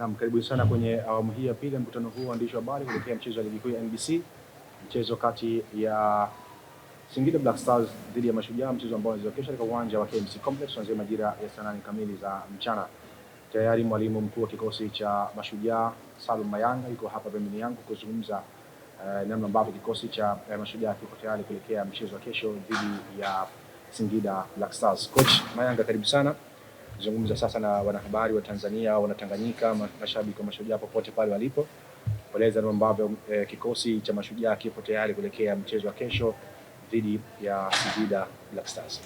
Naam, karibu sana kwenye awamu hii ya pili ya mkutano huu waandishi wa habari kuelekea mchezo wa ligi kuu ya NBC, mchezo kati ya Singida Black Stars dhidi ya Mashujaa, mchezo ambao unaweza kesho katika uwanja wa KMC Complex kuanzia majira ya saa nane kamili za mchana. Tayari mwalimu mkuu wa kikosi cha Mashujaa Salum Mayanga yuko hapa pembeni yangu kuzungumza eh, namna ambavyo kikosi cha eh, Mashujaa kiko tayari kuelekea mchezo wa kesho dhidi ya Singida Black Stars. Coach Mayanga, karibu sana zungumza sasa na wanahabari wa Tanzania, wanatanganyika, mashabiki wa mashujaa popote pale walipo, kueleza namna ambavyo eh, kikosi cha mashujaa kipo tayari kuelekea mchezo wa kesho dhidi ya Singida Black Stars.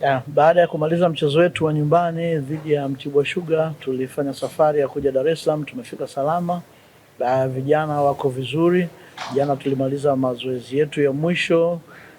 Ya, baada ya kumaliza mchezo wetu wa nyumbani dhidi ya Mtibwa Sugar tulifanya safari ya kuja Dar es Salaam, tumefika salama. Vijana wako vizuri. Jana tulimaliza mazoezi yetu ya mwisho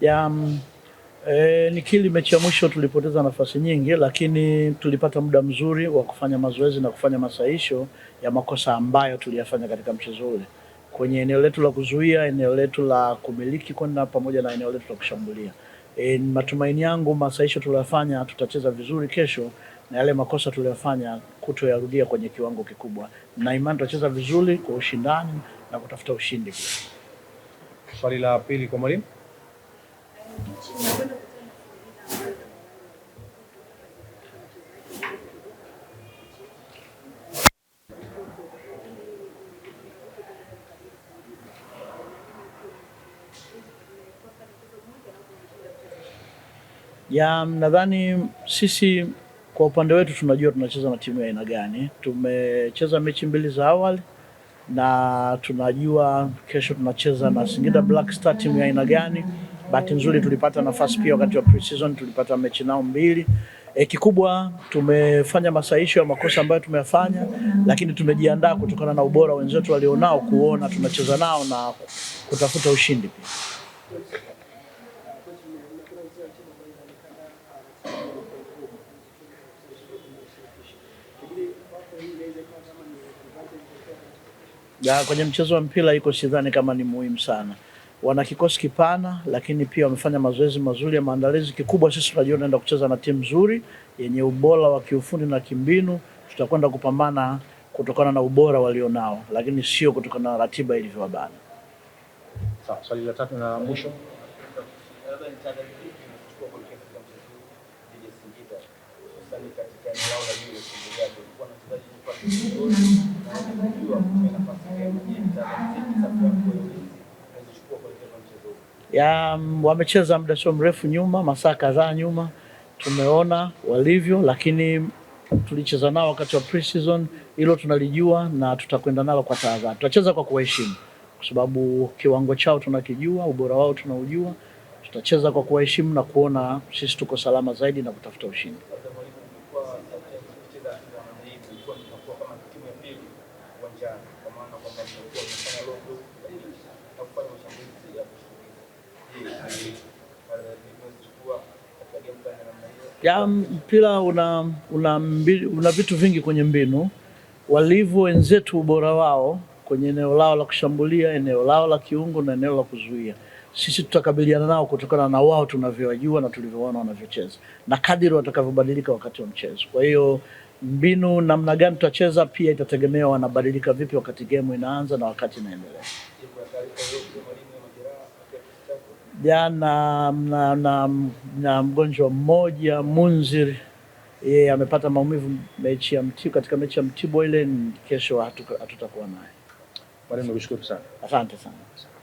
Ya, e, nikili mechi ya mwisho tulipoteza nafasi nyingi, lakini tulipata muda mzuri wa kufanya mazoezi na kufanya masahisho ya makosa ambayo tuliyafanya katika mchezo ule kwenye eneo letu la kuzuia, eneo letu la kumiliki kwenda pamoja na eneo letu la kushambulia. E, matumaini yangu masahisho tuliyofanya tutacheza vizuri kesho na yale makosa tuliyofanya kutoyarudia kwenye kiwango kikubwa, na imani tutacheza vizuri kwa ushindani na kutafuta ushindi. Swali la pili kwa mwalimu. Ya, nadhani sisi kwa upande wetu tunajua tunacheza na timu ya aina gani. Tumecheza mechi mbili za awali na tunajua kesho tunacheza na Singida Black Star, timu ya aina gani. Bahati nzuri tulipata nafasi pia wakati wa pre-season, tulipata mechi nao mbili. E, kikubwa tumefanya masahihisho ya makosa ambayo tumeyafanya, lakini tumejiandaa kutokana na ubora wenzetu walionao, kuona tunacheza nao na kutafuta ushindi pia. Ya, kwenye mchezo wa mpira iko sidhani kama ni muhimu sana. Wana kikosi kipana, lakini pia wamefanya mazoezi mazuri ya maandalizi. Kikubwa sisi tunajua tunaenda kucheza na timu nzuri yenye ubora wa kiufundi na kimbinu. Tutakwenda kupambana kutokana na ubora walionao, lakini sio kutokana na ratiba ilivyowabana. Sawa, swali la tatu na mwisho. ya wamecheza muda sio mrefu nyuma, masaa kadhaa nyuma, tumeona walivyo, lakini tulicheza nao wakati wa pre-season, hilo tunalijua na tutakwenda nalo kwa tahadhari. Tutacheza kwa kuwaheshimu, kwa sababu kiwango chao tunakijua, ubora wao tunaujua. Tutacheza kwa kuwaheshimu na kuona sisi tuko salama zaidi na kutafuta ushindi. Ya mpira una, una, una vitu vingi kwenye mbinu walivyo wenzetu, ubora wao kwenye eneo lao la kushambulia, eneo lao la kiungo na eneo la kuzuia. Sisi tutakabiliana nao kutokana na wao tunavyowajua na tulivyoona wanavyocheza na kadiri watakavyobadilika wakati wa mchezo. Kwa hiyo mbinu namna gani tutacheza pia itategemea wanabadilika vipi wakati gemu inaanza na wakati inaendelea jana na, na, na mgonjwa mmoja Munzir yeye amepata maumivu mechi ya Mtibwa, katika mechi ya Mtibwa ile. Kesho hatutakuwa naye. Mwalimu, nikushukuru sana, asante sana.